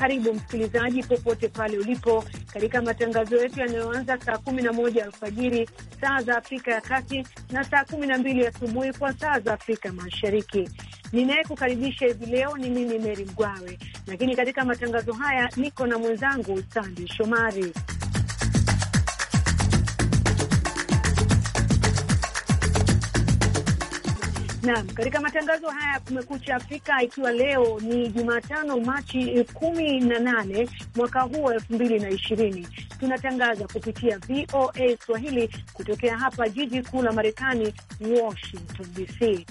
Karibu msikilizaji, popote pale ulipo, katika matangazo yetu yanayoanza saa kumi na moja alfajiri saa za Afrika ya Kati na saa kumi na mbili asubuhi kwa saa za Afrika Mashariki. Ninayekukaribisha hivi leo ni mimi Meri mgwawe lakini katika matangazo haya niko na mwenzangu sandi Shomari. Naam, katika matangazo haya ya Kumekucha Afrika, ikiwa leo ni Jumatano Machi kumi na nane mwaka huu wa elfu mbili na ishirini tunatangaza kupitia VOA Swahili kutokea hapa jiji kuu la Marekani, Washington DC.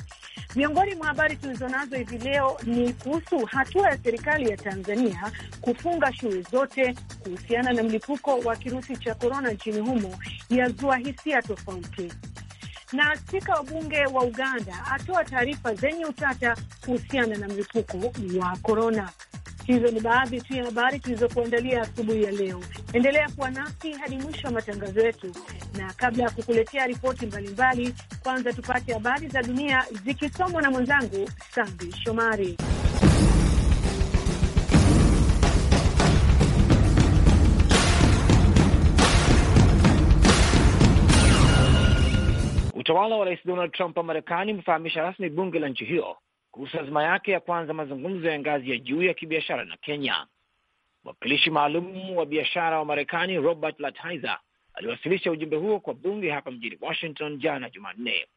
Miongoni mwa habari tulizonazo hivi leo ni kuhusu hatua ya serikali ya Tanzania kufunga shule zote kuhusiana na mlipuko wa kirusi cha korona nchini humo, yazua hisia tofauti na spika wa bunge wa Uganda atoa taarifa zenye utata kuhusiana na mlipuko wa korona. Hizo ni baadhi tu ya habari tulizokuandalia asubuhi ya leo. Endelea kuwa nasi hadi mwisho wa matangazo yetu, na kabla ya kukuletea ripoti mbalimbali, kwanza tupate habari za dunia zikisomwa na mwenzangu Sandi Shomari. Utawala wa Rais Donald Trump wa Marekani umefahamisha rasmi bunge la nchi hiyo kuhusu azima yake ya kwanza mazungumzo ya ngazi ya juu ya kibiashara na Kenya. Mwakilishi maalum wa biashara wa Marekani Robert Lighthizer aliwasilisha ujumbe huo kwa bunge hapa mjini Washington jana Jumanne.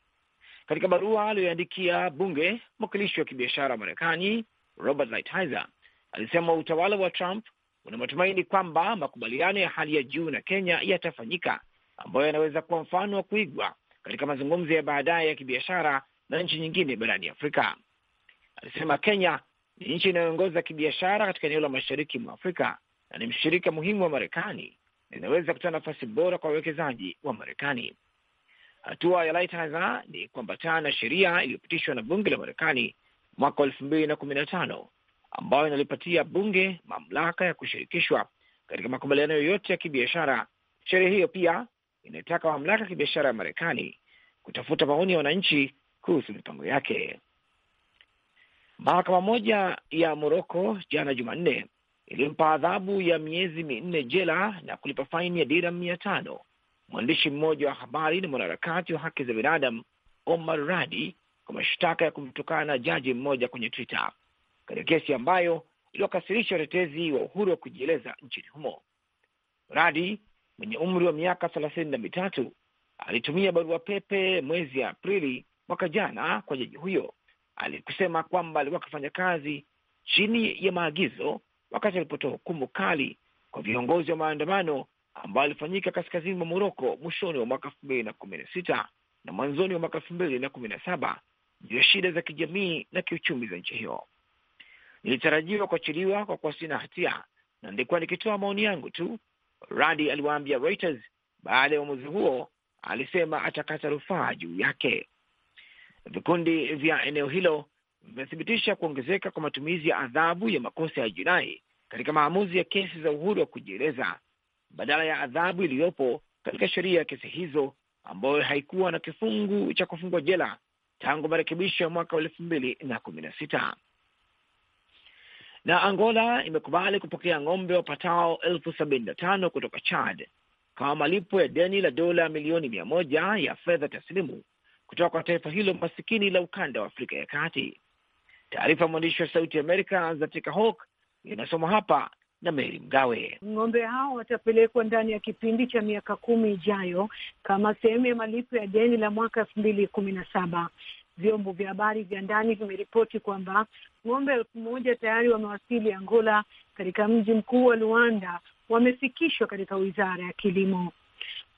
Katika barua aliyoandikia bunge, mwakilishi wa kibiashara wa Marekani Robert Lighthizer alisema utawala wa Trump una matumaini kwamba makubaliano ya hali ya juu na Kenya yatafanyika, ambayo yanaweza kuwa mfano wa kuigwa katika mazungumzo ya baadaye ya kibiashara na nchi nyingine barani Afrika. Alisema Kenya ni nchi inayoongoza kibiashara katika eneo la mashariki mwa Afrika na ni mshirika muhimu wa Marekani na inaweza kutoa nafasi bora kwa wawekezaji wa Marekani. Hatua ya Lighthizer ni kuambatana na sheria iliyopitishwa na bunge la Marekani mwaka elfu mbili na kumi na tano ambayo inalipatia bunge mamlaka ya kushirikishwa katika makubaliano yoyote ya kibiashara. Sheria hiyo pia inayotaka mamlaka ya kibiashara ya Marekani kutafuta maoni ya wananchi kuhusu mipango yake. Mahakama moja ya Moroko jana Jumanne ilimpa adhabu ya miezi minne jela na kulipa faini ya dira mia tano mwandishi mmoja wa habari na mwanaharakati wa haki za binadamu Omar Radi kwa mashtaka ya kumtukana jaji mmoja kwenye Twitter katika kesi ambayo iliwakasirisha watetezi wa uhuru wa kujieleza nchini humo. Radi mwenye umri wa miaka thelathini na mitatu alitumia barua pepe mwezi Aprili mwaka jana kwa jaji huyo alikusema kwamba alikuwa akifanya kazi chini ya maagizo wakati alipotoa hukumu kali kwa viongozi wa maandamano ambayo alifanyika kaskazini mwa Moroko mwishoni wa mwaka elfu mbili na kumi na sita na mwanzoni wa mwaka elfu mbili na kumi na saba juu ya shida za kijamii na kiuchumi za nchi hiyo. Nilitarajiwa kuachiliwa kwa kuwa sina hatia na nilikuwa nikitoa maoni yangu tu, Radi aliwaambia Reuters baada ya uamuzi huo, alisema atakata rufaa juu yake. Vikundi vya eneo hilo vimethibitisha kuongezeka kwa matumizi ya adhabu ya makosa ya jinai katika maamuzi ya kesi za uhuru wa kujieleza badala ya adhabu iliyopo katika sheria ya kesi hizo ambayo haikuwa na kifungu cha kufungwa jela tangu marekebisho ya mwaka wa elfu mbili na kumi na sita. Na Angola imekubali kupokea ng'ombe wapatao elfu sabini na tano kutoka Chad kama malipo ya deni la dola milioni mia moja ya fedha taslimu kutoka kwa taifa hilo masikini la ukanda wa Afrika ya Kati. Taarifa ya mwandishi wa Sauti Amerika Zatika Hawk inasoma hapa na Meri Mgawe. Ng'ombe hao watapelekwa ndani ya kipindi cha miaka kumi ijayo kama sehemu ya malipo ya deni la mwaka elfu mbili kumi na saba vyombo vya habari vya ndani vimeripoti kwamba ng'ombe elfu moja tayari wamewasili Angola, katika mji mkuu wa Luanda wamefikishwa katika wizara ya kilimo.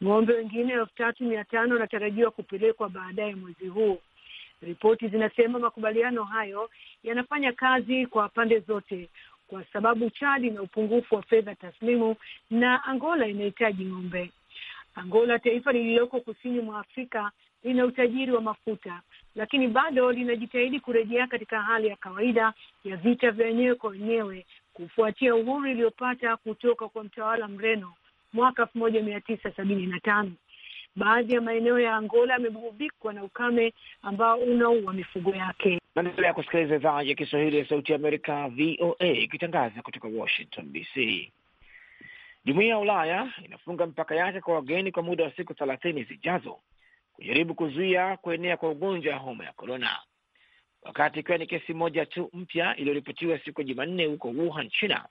Ng'ombe wengine elfu tatu mia tano wanatarajiwa kupelekwa baadaye mwezi huu. Ripoti zinasema makubaliano hayo yanafanya kazi kwa pande zote, kwa sababu Chad ina upungufu wa fedha taslimu na Angola inahitaji ng'ombe. Angola, taifa lililoko kusini mwa Afrika, lina utajiri wa mafuta lakini bado linajitahidi kurejea katika hali ya kawaida ya vita vya wenyewe kwa wenyewe kufuatia uhuru iliyopata kutoka kwa mtawala mreno mwaka elfu moja mia tisa sabini na tano. Baadhi ya maeneo ya Angola yamegubikwa na ukame ambao unaua mifugo yake. Naendelea kusikiliza idhaa ya Kiswahili ya Sauti ya Amerika, VOA, ikitangaza kutoka Washington DC. Jumuiya ya Ulaya inafunga mipaka yake kwa wageni kwa muda wa siku thelathini zijazo kujaribu kuzuia kuenea kwa ugonjwa wa homa ya korona, wakati ikiwa ni kesi moja tu mpya iliyoripotiwa siku ya Jumanne huko Wuhan, China.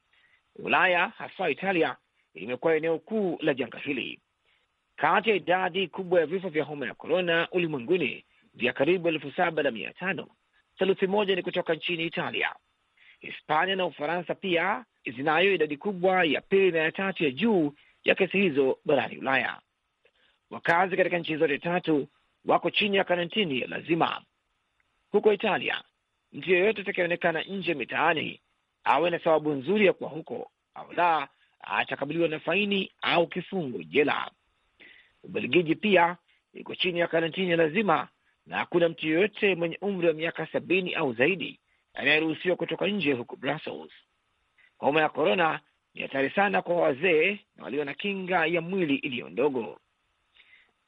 Ulaya hasa Italia limekuwa eneo kuu la janga hili. Kati ya idadi kubwa ya vifo vya homa ya korona ulimwenguni vya karibu elfu saba na mia tano theluthi moja ni kutoka nchini Italia. Hispania na Ufaransa pia zinayo idadi kubwa ya pili na ya tatu ya juu ya kesi hizo barani Ulaya wakazi katika nchi zote tatu wako chini ya karantini ya lazima. Huko Italia, mtu yeyote atakayeonekana nje mitaani awe na sababu nzuri ya kuwa huko au la, atakabiliwa na faini au kifungo jela. Ubelgiji pia iko chini ya karantini ya lazima, na hakuna mtu yeyote mwenye umri wa miaka sabini au zaidi anayeruhusiwa kutoka nje huko Brussels. Homa ya korona ni hatari sana kwa wazee na walio na kinga ya mwili iliyo ndogo.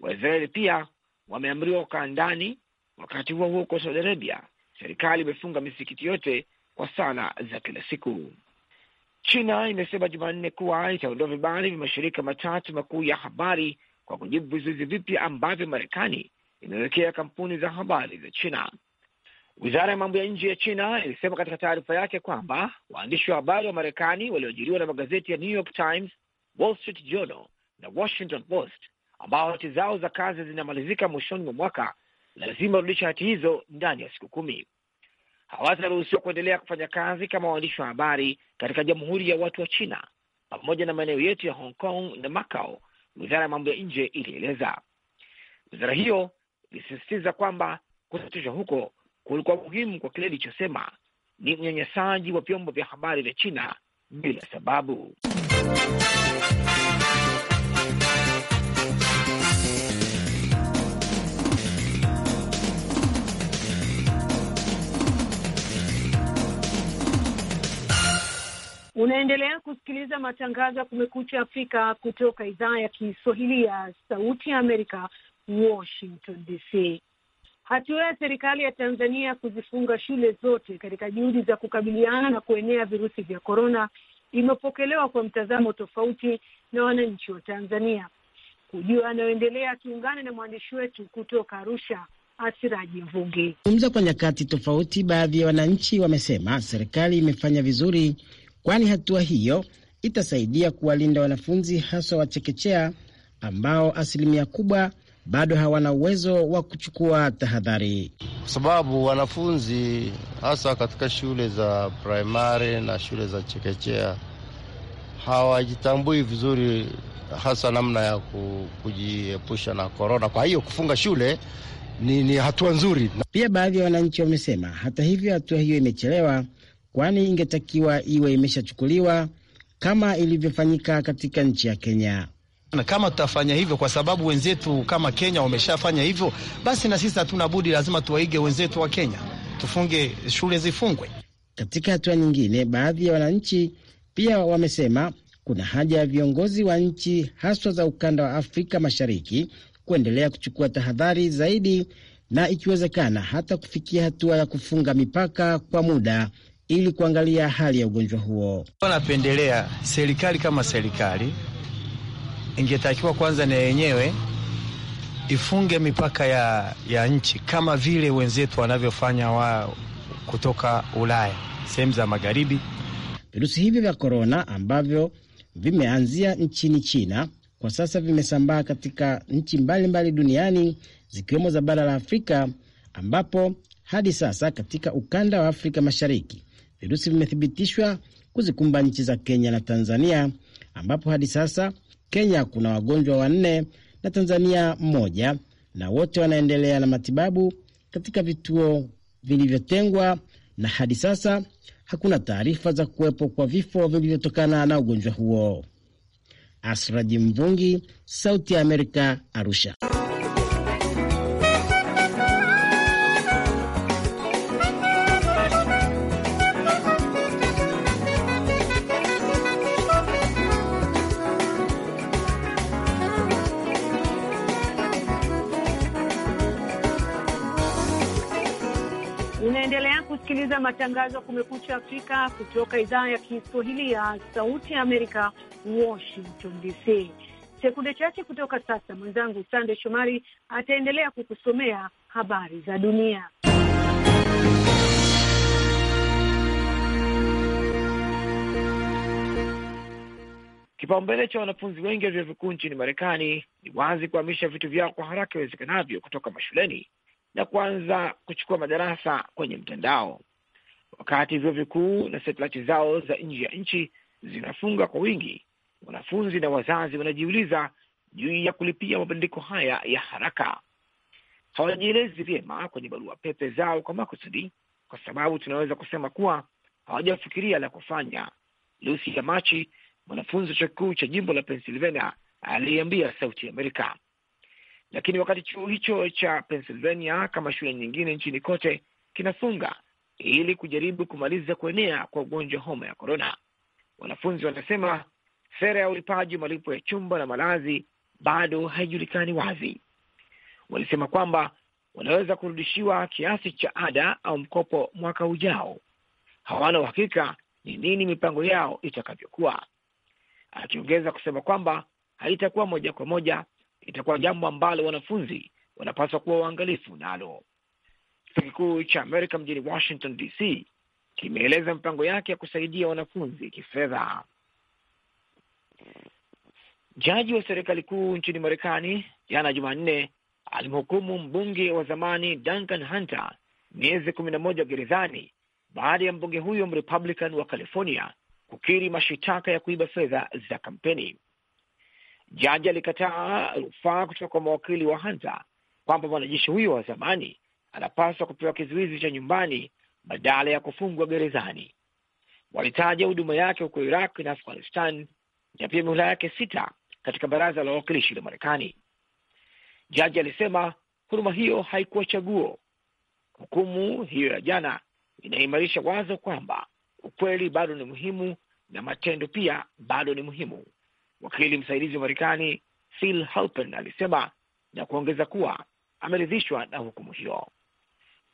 Waisraeli pia wameamriwa kukaa ndani. Wakati huo huo, kwa Saudi Arabia serikali imefunga misikiti yote kwa sala za kila siku. China imesema Jumanne kuwa itaondoa vibali vya mashirika matatu makuu ya habari kwa kujibu vizuizi vipya ambavyo Marekani imewekea kampuni za habari za China. Wizara ya mambo ya nje ya China ilisema katika taarifa yake kwamba waandishi wa habari wa Marekani walioajiriwa na magazeti ya New York Times, Wall Street Journal na Washington Post ambao hati zao za kazi zinamalizika mwishoni mwa mwaka lazima warudisha hati hizo ndani ya siku kumi. Hawataruhusiwa kuendelea kufanya kazi kama waandishi wa habari katika Jamhuri ya Watu wa China pamoja na maeneo yetu ya Hong Kong na Macau, wizara ya mambo ya nje ilieleza. Wizara hiyo ilisisitiza kwamba kusitishwa huko kulikuwa muhimu kwa kile ilichosema ni unyanyasaji wa vyombo vya habari vya China bila sababu. Unaendelea kusikiliza matangazo ya Kumekucha Afrika kutoka idhaa ya Kiswahili ya Sauti ya Amerika, Washington DC. Hatua ya serikali ya Tanzania kuzifunga shule zote katika juhudi za kukabiliana na kuenea virusi vya korona imepokelewa kwa mtazamo tofauti na wananchi wa Tanzania. Kujua anayoendelea, tuungane na mwandishi wetu kutoka Arusha, Asiraji Mvungi. Zungumza kwa nyakati tofauti, baadhi ya wananchi wamesema serikali imefanya vizuri kwani hatua hiyo itasaidia kuwalinda wanafunzi haswa wa chekechea ambao asilimia kubwa bado hawana uwezo wa kuchukua tahadhari, kwa sababu wanafunzi hasa katika shule za primari na shule za chekechea hawajitambui vizuri, hasa namna ya kujiepusha na korona. Kwa hiyo kufunga shule ni, ni hatua nzuri. Pia baadhi ya wananchi wamesema hata hivyo hatua hiyo imechelewa kwani ingetakiwa iwe imeshachukuliwa kama ilivyofanyika katika nchi ya Kenya. Na kama tutafanya hivyo, kwa sababu wenzetu kama Kenya wameshafanya hivyo, basi na sisi hatuna budi, lazima tuwaige wenzetu wa Kenya, tufunge shule, zifungwe. Katika hatua nyingine, baadhi ya wananchi pia wamesema kuna haja ya viongozi wa nchi haswa za ukanda wa Afrika Mashariki kuendelea kuchukua tahadhari zaidi na ikiwezekana hata kufikia hatua ya kufunga mipaka kwa muda ili kuangalia hali ya ugonjwa huo. Wanapendelea serikali kama serikali ingetakiwa kwanza na yenyewe ifunge mipaka ya, ya nchi kama vile wenzetu wanavyofanya wa kutoka Ulaya, sehemu za magharibi. Virusi hivi vya korona ambavyo vimeanzia nchini China kwa sasa vimesambaa katika nchi mbalimbali mbali duniani zikiwemo za bara la Afrika, ambapo hadi sasa katika ukanda wa Afrika Mashariki Virusi vimethibitishwa kuzikumba nchi za Kenya na Tanzania, ambapo hadi sasa Kenya kuna wagonjwa wanne na Tanzania mmoja, na wote wanaendelea na matibabu katika vituo vilivyotengwa, na hadi sasa hakuna taarifa za kuwepo kwa vifo vilivyotokana na ugonjwa huo. Asraji Mvungi, Sauti ya Amerika, Arusha. matangazo ya Kumekucha Afrika kutoka idhaa ya Kiswahili ya Sauti ya Amerika, Washington DC. Sekunde chache kutoka sasa, mwenzangu Sande Shomari ataendelea kukusomea habari za dunia. Kipaumbele cha wanafunzi wengi wa vyuo vikuu nchini Marekani ni wazi kuhamisha vitu vyao kwa haraka iwezekanavyo kutoka mashuleni na kuanza kuchukua madarasa kwenye mtandao. Wakati vyuo vikuu na satelaiti zao za nje ya nchi zinafunga kwa wingi, wanafunzi na wazazi wanajiuliza juu ya kulipia mabadiliko haya ya haraka. Hawajielezi vyema kwenye barua pepe zao kwa makusudi, kwa sababu tunaweza kusema kuwa hawajafikiria la kufanya. Lucy Yamachi, mwanafunzi wa chuo kikuu cha jimbo la Pennsylvania, aliambia Sauti Amerika. Lakini wakati chuo hicho cha Pennsylvania, kama shule nyingine nchini kote, kinafunga ili kujaribu kumaliza kuenea kwa ugonjwa homa ya korona. Wanafunzi wanasema sera ya ulipaji malipo ya chumba na malazi bado haijulikani wazi. Walisema kwamba wanaweza kurudishiwa kiasi cha ada au mkopo mwaka ujao. Hawana uhakika ni nini mipango yao itakavyokuwa, akiongeza kusema kwamba haitakuwa moja kwa moja, itakuwa jambo ambalo wanafunzi wanapaswa kuwa waangalifu nalo kikuu cha Amerika mjini Washington DC kimeeleza mipango yake ya kusaidia wanafunzi kifedha. Jaji wa serikali kuu nchini Marekani jana Jumanne alimhukumu mbunge wa zamani Duncan Hunter miezi kumi na moja gerezani baada ya mbunge huyo Mrepublican wa California kukiri mashitaka ya kuiba fedha za kampeni. Jaji alikataa rufaa kutoka kwa mawakili wa Hunter kwamba mwanajeshi huyo wa zamani anapaswa kupewa kizuizi cha nyumbani badala ya kufungwa gerezani. Walitaja huduma yake huko Iraq na Afghanistan na pia mihula yake sita katika baraza la wawakilishi la Marekani. Jaji alisema huduma hiyo haikuwa chaguo. Hukumu hiyo ya jana inaimarisha wazo kwamba ukweli bado ni muhimu na matendo pia bado ni muhimu, wakili msaidizi wa Marekani Phil Halpern alisema na kuongeza kuwa ameridhishwa na hukumu hiyo.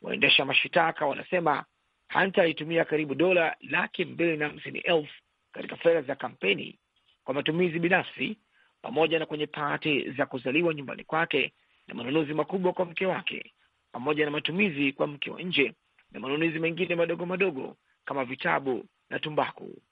Waendesha mashitaka wanasema Hunter alitumia karibu dola laki mbili na hamsini elfu katika fedha za kampeni kwa matumizi binafsi pamoja na kwenye pati za kuzaliwa nyumbani kwake na manunuzi makubwa kwa mke wake pamoja na matumizi kwa mke wa nje na manunuzi mengine madogo madogo kama vitabu na tumbaku.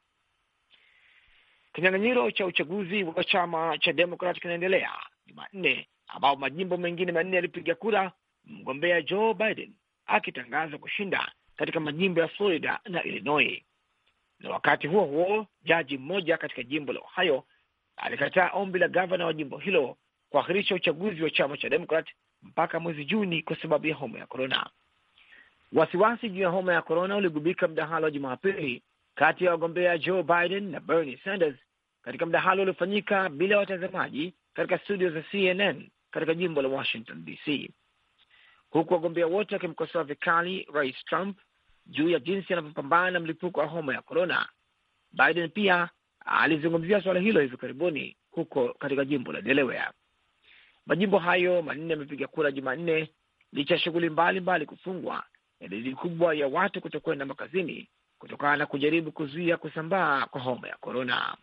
Kinyang'anyiro cha uchaguzi wa chama cha Demokrat kinaendelea Jumanne, ambapo majimbo mengine manne yalipiga kura. Mgombea Joe Biden akitangaza kushinda katika majimbo ya Florida na Illinois. Na wakati huo huo, jaji mmoja katika jimbo la Ohio alikataa ombi la gavana wa jimbo hilo kuahirisha uchaguzi wa chama cha Demokrat mpaka mwezi Juni kwa sababu ya homa ya korona. Wasiwasi juu ya homa ya korona uligubika mdahalo wa Jumapili kati ya wagombea Joe Biden na Bernie Sanders katika mdahalo uliofanyika bila watazamaji katika studio za CNN katika jimbo la Washington DC huku wagombea wote wakimkosoa vikali Rais Trump juu ya jinsi anavyopambana na mlipuko wa homa ya korona. Biden pia alizungumzia suala hilo hivi karibuni huko katika jimbo la Delaware. Majimbo hayo manne yamepiga kura Jumanne licha ya shughuli mbalimbali kufungwa na idadi kubwa ya watu kutokwenda makazini kutokana na kujaribu kuzuia kusambaa kwa homa ya korona.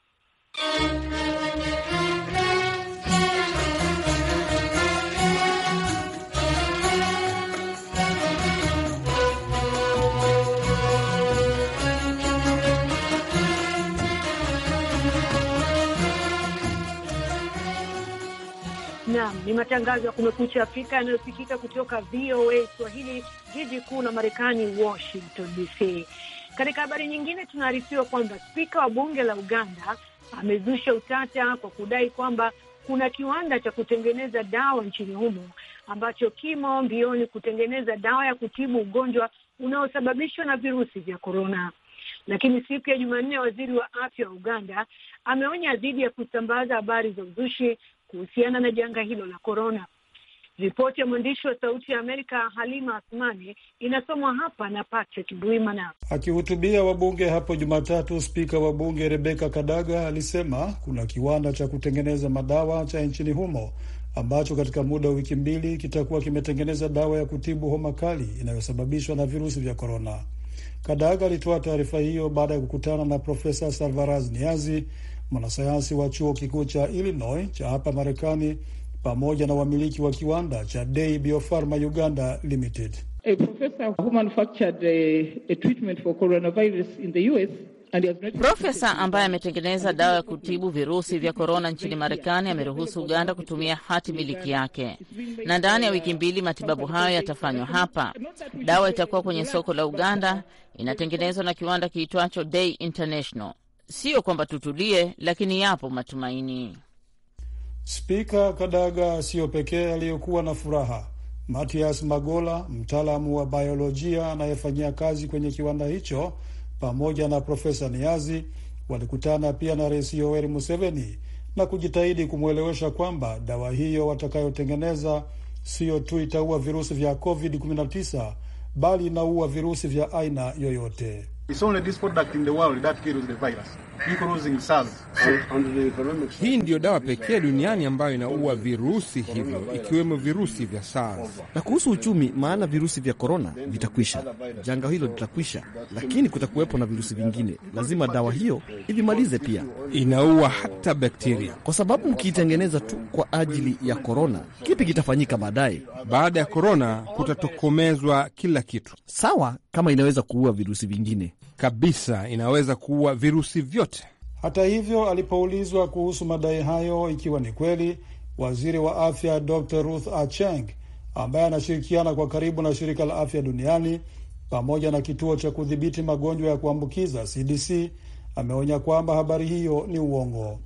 Naam, ni matangazo ya Kumekucha Afrika yanayosikika kutoka VOA Swahili, jiji kuu la Marekani, Washington DC. Katika habari nyingine, tunaarifiwa kwamba spika wa bunge la Uganda amezusha utata kwa kudai kwamba kuna kiwanda cha kutengeneza dawa nchini humo ambacho kimo mbioni kutengeneza dawa ya kutibu ugonjwa unaosababishwa na virusi vya korona. Lakini siku ya Jumanne, waziri wa afya wa Uganda ameonya dhidi ya kusambaza habari za uzushi kuhusiana na janga hilo la korona. Ripoti ya mwandishi wa Sauti ya Amerika Halima Asmani inasomwa hapa na Patrick Bwimana. Akihutubia wabunge hapo Jumatatu, spika wa bunge Rebeka Kadaga alisema kuna kiwanda cha kutengeneza madawa cha nchini humo ambacho katika muda wa wiki mbili kitakuwa kimetengeneza dawa ya kutibu homa kali inayosababishwa na virusi vya korona. Kadaga alitoa taarifa hiyo baada ya kukutana na Profesa salvaras Niazi, mwanasayansi wa chuo kikuu cha Illinois cha hapa Marekani pamoja na wamiliki wa kiwanda cha Dei Biopharma Uganda Limited. Profesa ambaye ametengeneza dawa ya kutibu virusi vya korona nchini Marekani ameruhusu Uganda kutumia hati miliki yake, na ndani ya wiki mbili matibabu hayo yatafanywa hapa. Dawa itakuwa kwenye soko la Uganda, inatengenezwa na kiwanda kiitwacho Day International. Siyo kwamba tutulie, lakini yapo matumaini. Spika Kadaga siyo pekee aliyekuwa na furaha. Matias Magola, mtaalamu wa biolojia anayefanyia kazi kwenye kiwanda hicho, pamoja na Profesa Niazi walikutana pia na Rais Yoweri Museveni na kujitahidi kumwelewesha kwamba dawa hiyo watakayotengeneza siyo tu itaua virusi vya COVID-19 bali inaua virusi vya aina yoyote. Hii ndiyo dawa pekee duniani ambayo inaua virusi hivyo ikiwemo virusi vya SARS. Na kuhusu uchumi, maana virusi vya korona vitakwisha, janga hilo litakwisha, lakini kutakuwepo na virusi vingine. Lazima dawa hiyo ivimalize. Pia inaua hata bakteria, kwa sababu mkiitengeneza tu kwa ajili ya korona, kipi kitafanyika baadaye? Baada ya korona kutatokomezwa kila kitu, sawa kama inaweza kuua virusi vingine kabisa inaweza kuua virusi vyote. Hata hivyo, alipoulizwa kuhusu madai hayo ikiwa ni kweli, waziri wa afya Dr Ruth Acheng ambaye anashirikiana kwa karibu na shirika la afya duniani pamoja na kituo cha kudhibiti magonjwa ya kuambukiza CDC ameonya kwamba habari hiyo ni uongo.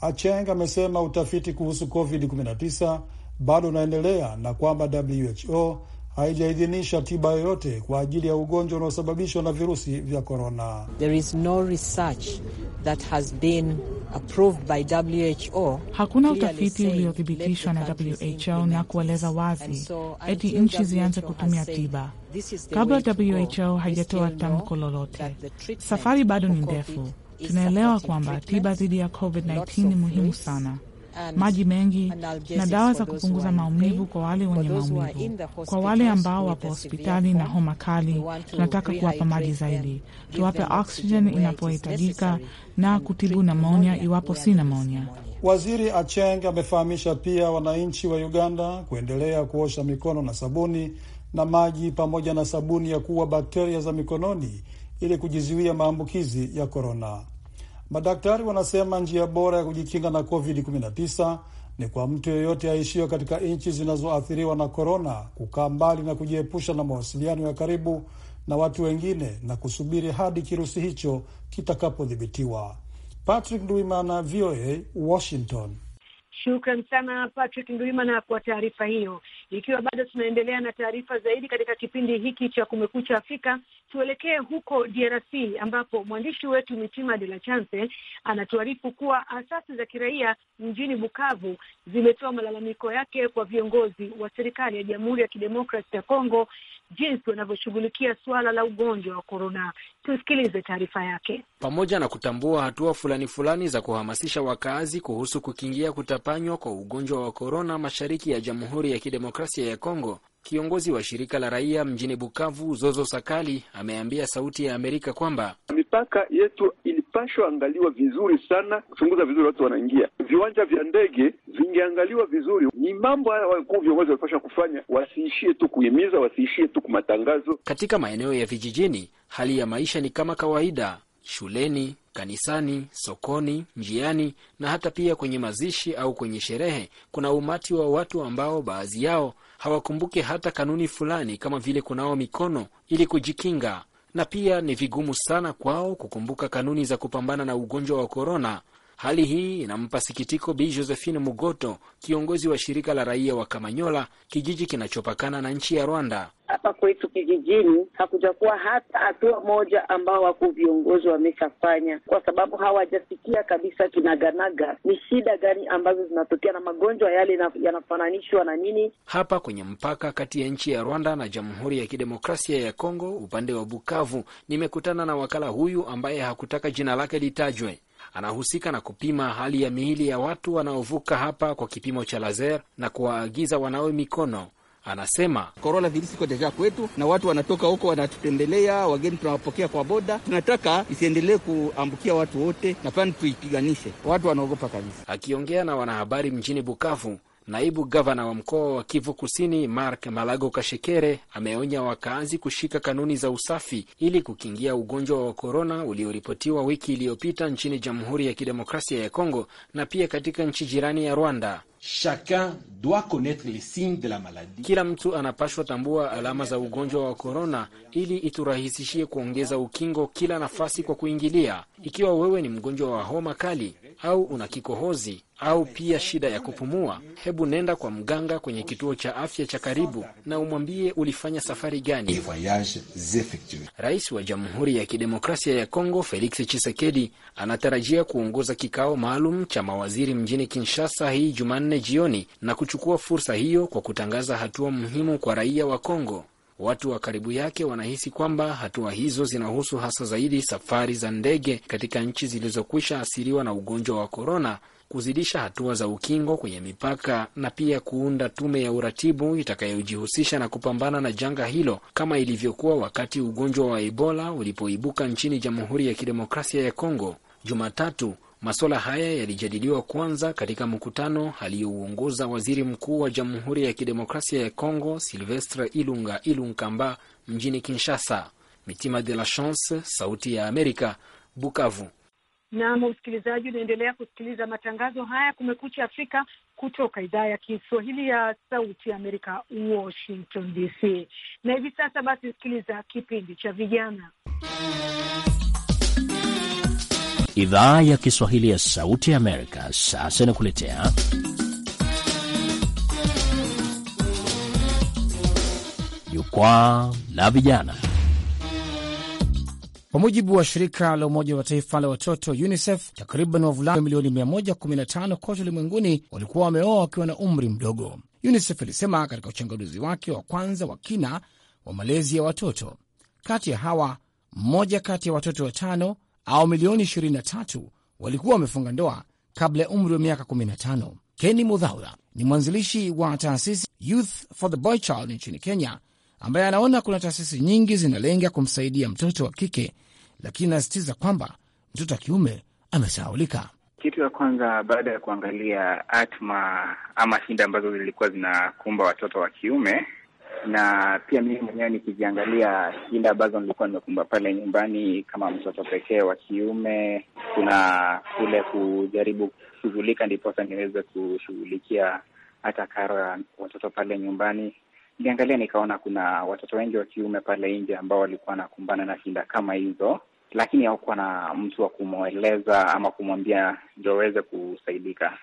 Acheng amesema utafiti kuhusu COVID-19 bado unaendelea na kwamba WHO haijaidhinisha tiba yoyote kwa ajili ya ugonjwa unaosababishwa na virusi vya korona. Hakuna utafiti uliothibitishwa na WHO na kueleza wazi eti nchi zianze kutumia tiba kabla WHO haijatoa tamko lolote. Safari bado ni ndefu. Tunaelewa kwamba tiba dhidi ya COVID-19 ni muhimu sana maji mengi na dawa za kupunguza maumivu kwa wale wenye maumivu. Kwa wale ambao wapo hospitali na homa kali, tunataka kuwapa maji zaidi, tuwape oksijeni inapohitajika na kutibu pneumonia iwapo si pneumonia. Waziri Acheng amefahamisha pia wananchi wa Uganda kuendelea kuosha mikono na sabuni na maji pamoja na sabuni ya kuua bakteria za mikononi ili kujizuia maambukizi ya korona. Madaktari wanasema njia bora ya kujikinga na COVID-19 ni kwa mtu yeyote aishiyo katika nchi zinazoathiriwa na korona kukaa mbali na kujiepusha na mawasiliano ya karibu na watu wengine na kusubiri hadi kirusi hicho kitakapodhibitiwa. Patrick Ndwimana, VOA, Washington. Shukran sana Patrick Ndwimana kwa taarifa hiyo. Ikiwa bado tunaendelea na taarifa zaidi katika kipindi hiki cha Kumekucha Afrika, tuelekee huko DRC ambapo mwandishi wetu Mitima De La Chance anatuarifu kuwa asasi za kiraia mjini Bukavu zimetoa malalamiko yake kwa viongozi wa serikali ya Jamhuri ya Kidemokrasi ya Kongo jinsi wanavyoshughulikia suala la ugonjwa wa korona. Tusikilize taarifa yake. Pamoja na kutambua hatua fulani fulani za kuhamasisha wakazi kuhusu kukingia kutapanywa kwa ugonjwa wa korona mashariki ya Jamhuri ya Kidemokrasia ya Kongo, kiongozi wa shirika la raia mjini Bukavu, Zozo Sakali, ameambia Sauti ya Amerika kwamba mipaka yetu ili ingepashwa angaliwa vizuri sana, kuchunguza vizuri watu wanaingia. Viwanja vya ndege vingeangaliwa vizuri. Ni mambo haya wakuu viongozi walipashwa kufanya, wasiishie tu kuhimiza, wasiishie tu kumatangazo. Katika maeneo ya vijijini, hali ya maisha ni kama kawaida: shuleni, kanisani, sokoni, njiani na hata pia kwenye mazishi au kwenye sherehe, kuna umati wa watu ambao baadhi yao hawakumbuke hata kanuni fulani kama vile kunao mikono ili kujikinga na pia ni vigumu sana kwao kukumbuka kanuni za kupambana na ugonjwa wa korona Hali hii inampa sikitiko Bi Josephine Mugoto, kiongozi wa shirika la raia wa Kamanyola, kijiji kinachopakana na nchi ya Rwanda. Hapa kwetu kijijini hakujakuwa hata hatua moja ambao wakuu viongozi wameshafanya, kwa sababu hawajasikia kabisa kinaganaga ni shida gani ambazo zinatokea na magonjwa yale yanafananishwa na nini. Hapa kwenye mpaka kati ya nchi ya Rwanda na Jamhuri ya Kidemokrasia ya Kongo, upande wa Bukavu, nimekutana na wakala huyu ambaye hakutaka jina lake litajwe anahusika na kupima hali ya miili ya watu wanaovuka hapa kwa kipimo cha laser na kuwaagiza wanawe mikono. Anasema korona virusi iko deja kwetu, na watu wanatoka huko wanatutembelea wageni tunawapokea kwa boda. Tunataka isiendelee kuambukia watu wote, na pani tuipiganishe. Watu wanaogopa kabisa. Akiongea na wanahabari mjini Bukavu, Naibu gavana wa mkoa wa Kivu Kusini Mark Malago Kashekere ameonya wakazi kushika kanuni za usafi ili kukingia ugonjwa wa korona ulioripotiwa wiki iliyopita nchini Jamhuri ya Kidemokrasia ya Kongo na pia katika nchi jirani ya Rwanda. Chacun doit connaître les signes de la maladie. Kila mtu anapashwa tambua alama za ugonjwa wa korona ili iturahisishie kuongeza ukingo kila nafasi kwa kuingilia. Ikiwa wewe ni mgonjwa wa homa kali au una kikohozi au pia shida ya kupumua, hebu nenda kwa mganga kwenye kituo cha afya cha karibu na umwambie ulifanya safari gani. Rais wa Jamhuri ya Kidemokrasia ya Kongo Felix Tshisekedi anatarajia kuongoza kikao maalum cha mawaziri mjini Kinshasa hii Jumanne jioni na kuchukua fursa hiyo kwa kutangaza hatua muhimu kwa raia wa Kongo. Watu wa karibu yake wanahisi kwamba hatua hizo zinahusu hasa zaidi safari za ndege katika nchi zilizokwisha asiriwa na ugonjwa wa korona, kuzidisha hatua za ukingo kwenye mipaka na pia kuunda tume ya uratibu itakayojihusisha na kupambana na janga hilo kama ilivyokuwa wakati ugonjwa wa Ebola ulipoibuka nchini Jamhuri ya Kidemokrasia ya Kongo. Jumatatu Masuala haya yalijadiliwa kwanza katika mkutano aliyouongoza waziri mkuu wa Jamhuri ya Kidemokrasia ya Kongo Silvestre Ilunga Ilunkamba mjini Kinshasa. Mitima de la Chance, Sauti ya Amerika, Bukavu. Naam, msikilizaji, unaendelea kusikiliza matangazo haya Kumekucha Afrika kutoka idhaa ya Kiswahili ya Sauti ya Amerika, Washington DC. Na hivi sasa basi, sikiliza kipindi cha vijana Idhaa ya Kiswahili ya Sauti ya Amerika sasa inakuletea Jukwaa la Vijana. Kwa mujibu wa shirika la Umoja wa Mataifa la watoto UNICEF, takriban wavulana milioni 115 kote ulimwenguni walikuwa wameoa wakiwa na umri mdogo. UNICEF ilisema katika uchanganuzi wake wa kwanza wa kina wa malezi ya watoto. Kati ya hawa, mmoja kati ya watoto watano au milioni 23 walikuwa wamefunga ndoa kabla ya umri wa miaka 15. Kenny Mudhaura ni mwanzilishi wa taasisi Youth for the Boy Child nchini Kenya, ambaye anaona kuna taasisi nyingi zinalenga kumsaidia mtoto wa kike, lakini anasisitiza kwamba mtoto wa kiume amesahaulika. Kitu ya kwanza baada ya kuangalia atma ama shinda ambazo zilikuwa zinakumba watoto wa kiume na pia mimi mwenyewe nikiziangalia shida ambazo nilikuwa nimekumba pale nyumbani kama mtoto pekee wa kiume, kuna kule kujaribu kushughulika, ndiposa niweze kushughulikia hata karo ya watoto pale nyumbani. Niliangalia nikaona kuna watoto wengi wa kiume pale nje ambao walikuwa wanakumbana na shida kama hizo, lakini hawakuwa na mtu wa kumweleza ama kumwambia ndio aweze kusaidika.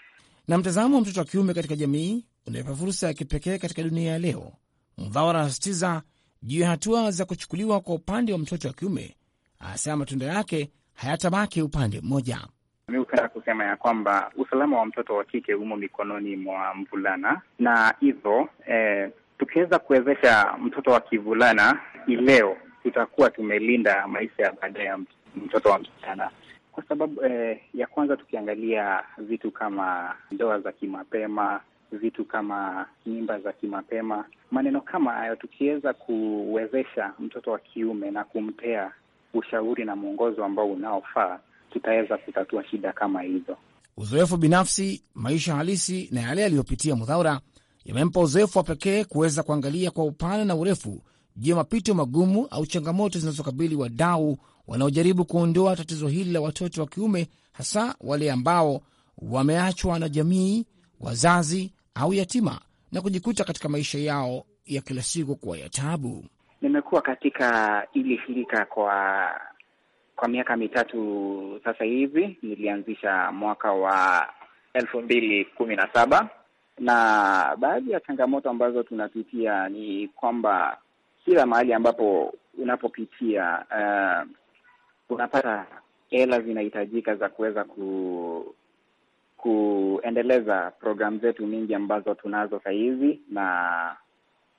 Na mtazamo wa mtoto wa kiume katika jamii unaipa fursa ya kipekee katika dunia ya leo Mvao anasisitiza juu ya hatua za kuchukuliwa kwa upande wa mtoto wa kiume, anasema matunda yake hayatabaki upande mmoja. Mi hupenda kusema ya kwamba usalama wa mtoto wa kike umo mikononi mwa mvulana, na hivyo eh, tukiweza kuwezesha mtoto wa kivulana ileo, tutakuwa tumelinda maisha ya baadaye ya mtoto wa msichana kwa sababu eh, ya kwanza, tukiangalia vitu kama ndoa za kimapema, vitu kama mimba za kimapema, maneno kama hayo. Tukiweza kuwezesha mtoto wa kiume na kumpea ushauri na mwongozo ambao unaofaa, tutaweza kutatua shida kama hizo. Uzoefu binafsi, maisha halisi na yale yaliyopitia Mudhaura yamempa uzoefu wa pekee kuweza kuangalia kwa upana na urefu juu ya mapito magumu au changamoto zinazokabili wadau wanaojaribu kuondoa tatizo hili la watoto wa kiume, hasa wale ambao wameachwa na jamii, wazazi au yatima na kujikuta katika maisha yao ya kila siku kuwa ya tabu. Nimekuwa katika ili shirika kwa kwa miaka mitatu sasa hivi. Nilianzisha mwaka wa elfu mbili kumi na saba na baadhi ya changamoto ambazo tunapitia ni kwamba kila mahali ambapo unapopitia uh, unapata hela zinahitajika za kuweza ku, kuendeleza programu zetu nyingi ambazo tunazo hizi na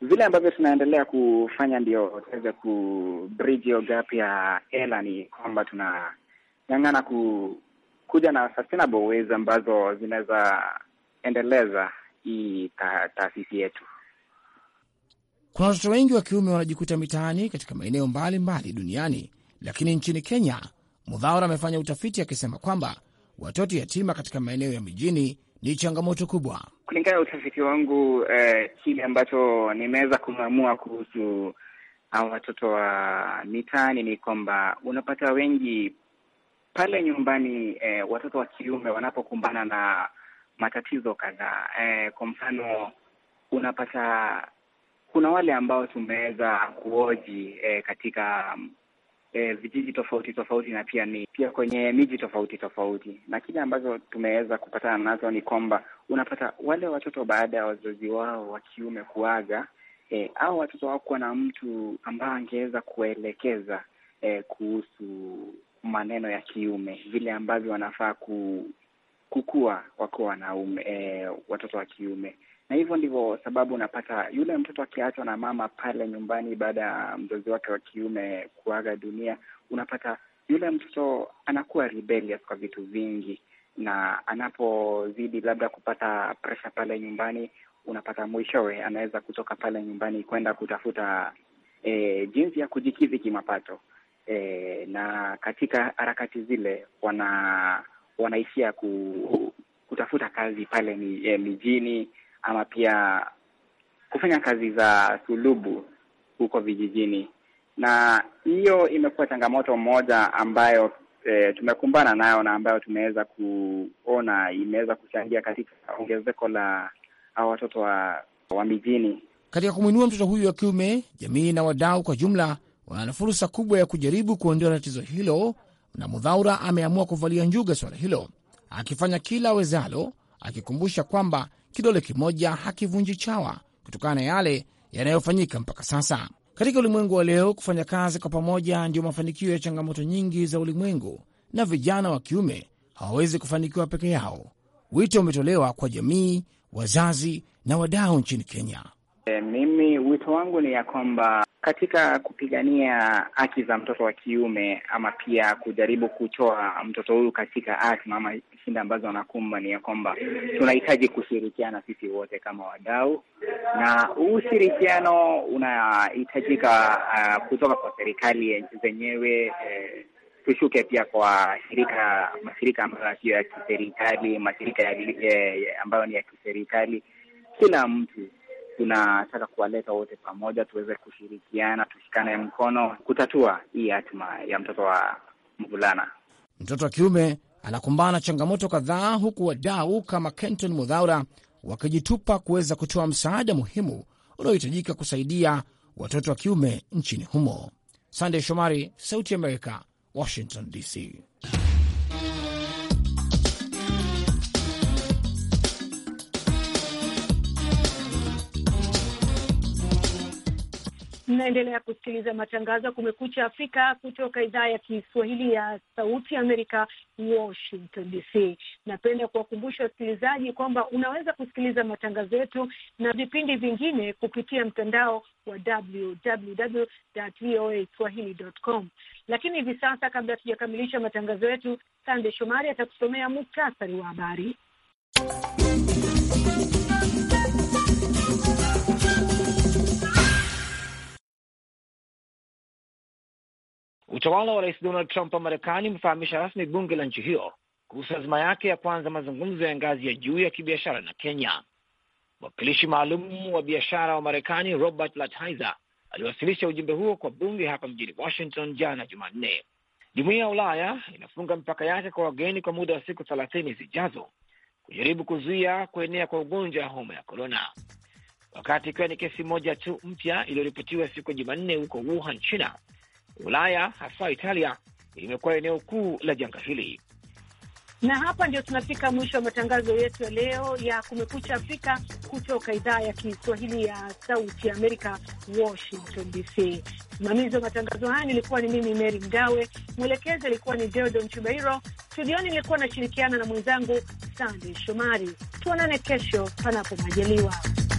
vile ambavyo tunaendelea kufanya ndio tuweze kubridge hiyo gap ya hela, ni kwamba tunang'ang'ana ku, kuja na sustainable ways ambazo zinaweza endeleza hii taasisi yetu. Kuna watoto wengi wa kiume wanajikuta mitaani katika maeneo mbalimbali duniani, lakini nchini Kenya, Mudhaura amefanya utafiti akisema kwamba watoto yatima katika maeneo ya mijini ni changamoto kubwa. Kulingana na utafiti wangu, eh, kile ambacho nimeweza kumamua kuhusu au watoto wa mitaani ni kwamba unapata wengi pale nyumbani, eh, watoto wa kiume wanapokumbana na matatizo kadhaa. Eh, kwa mfano unapata kuna wale ambao tumeweza kuoji eh, katika e, vijiji tofauti tofauti na pia ni pia kwenye miji tofauti tofauti, na kile ambazo tumeweza kupatana nazo ni kwamba unapata wale watoto baada ya wazazi wao wa kiume kuaga e, eh, au watoto wao kuwa na mtu ambaye angeweza kuelekeza e, eh, kuhusu maneno ya kiume, vile ambavyo wanafaa ku, kukua wakiwa wanaume e, watoto wa kiume na hivyo ndivyo sababu unapata yule mtoto akiachwa na mama pale nyumbani baada ya mzazi wake wa kiume kuaga dunia, unapata yule mtoto anakuwa rebellious kwa vitu vingi, na anapozidi labda kupata presha pale nyumbani, unapata mwishowe anaweza kutoka pale nyumbani kwenda kutafuta e, jinsi ya kujikizi kimapato e, na katika harakati zile wana wanaishia ku, kutafuta kazi pale e, mijini ama pia kufanya kazi za sulubu huko vijijini, na hiyo imekuwa changamoto moja ambayo e, tumekumbana nayo na ambayo tumeweza kuona imeweza kuchangia katika ongezeko la au watoto wa, wa mijini. Katika kumwinua mtoto huyu wa kiume, jamii na wadau kwa jumla wana fursa kubwa ya kujaribu kuondoa tatizo hilo, na Mudhaura ameamua kuvalia njuga swala hilo, akifanya kila wezalo, akikumbusha kwamba kidole kimoja hakivunji chawa, kutokana na yale yanayofanyika mpaka sasa. Katika ulimwengu wa leo, kufanya kazi kwa pamoja ndiyo mafanikio ya changamoto nyingi za ulimwengu, na vijana wa kiume hawawezi kufanikiwa peke yao. Wito umetolewa kwa jamii, wazazi na wadau nchini Kenya E, mimi wito wangu ni ya kwamba katika kupigania haki za mtoto wa kiume ama pia kujaribu kutoa mtoto huyu katika azma ama shinda ambazo anakumba, ni ya kwamba tunahitaji kushirikiana sisi wote kama wadau, na ushirikiano unahitajika uh, kutoka kwa serikali zenyewe eh, tushuke pia kwa shirika mashirika ambayo sio ya kiserikali, mashirika eh, ambayo ni ya kiserikali, kila mtu tunataka kuwaleta wote pamoja tuweze kushirikiana, tushikane mkono kutatua hii hatima ya mtoto wa mvulana. Mtoto wa kiume anakumbana na changamoto kadhaa, huku wadau kama Kenton Mudhaura wakijitupa kuweza kutoa msaada muhimu unaohitajika kusaidia watoto wa kiume nchini humo. Sandey Shomari, Sauti ya Amerika, Washington DC. Mnaendelea kusikiliza matangazo ya Kumekucha Afrika kutoka idhaa ya Kiswahili ya Sauti Amerika, Washington DC. Napenda kuwakumbusha wasikilizaji kwamba unaweza kusikiliza matangazo yetu na vipindi vingine kupitia mtandao wa www.voaswahili.com. Lakini hivi sasa, kabla hatujakamilisha matangazo yetu, Sande Shomari atakusomea muktasari wa habari. Utawala wa Rais Donald Trump wa Marekani umefahamisha rasmi bunge la nchi hiyo kuhusu azima yake ya kwanza mazungumzo ya ngazi ya juu ya kibiashara na Kenya. Mwakilishi maalum wa biashara wa Marekani Robert Lighthizer aliwasilisha ujumbe huo kwa bunge hapa mjini Washington jana Jumanne. Jumuiya ya Ulaya inafunga mipaka yake kwa wageni kwa muda wa siku thelathini zijazo kujaribu kuzuia kuenea kwa ugonjwa wa homa ya korona, wakati ikiwa ni kesi moja tu mpya iliyoripotiwa siku ya Jumanne huko Wuhan, China. Ulaya hasa Italia limekuwa eneo kuu la janga hili. Na hapa ndio tunafika mwisho wa matangazo yetu ya leo ya Kumekucha Afrika kutoka idhaa ya Kiswahili ya Sauti ya Amerika, Washington DC. Msimamizi wa matangazo haya nilikuwa ni mimi Meri Mgawe, mwelekezi alikuwa ni Deodon Chubairo, studioni nilikuwa nashirikiana na mwenzangu Sandey Shomari. Tuonane kesho panapo majaliwa.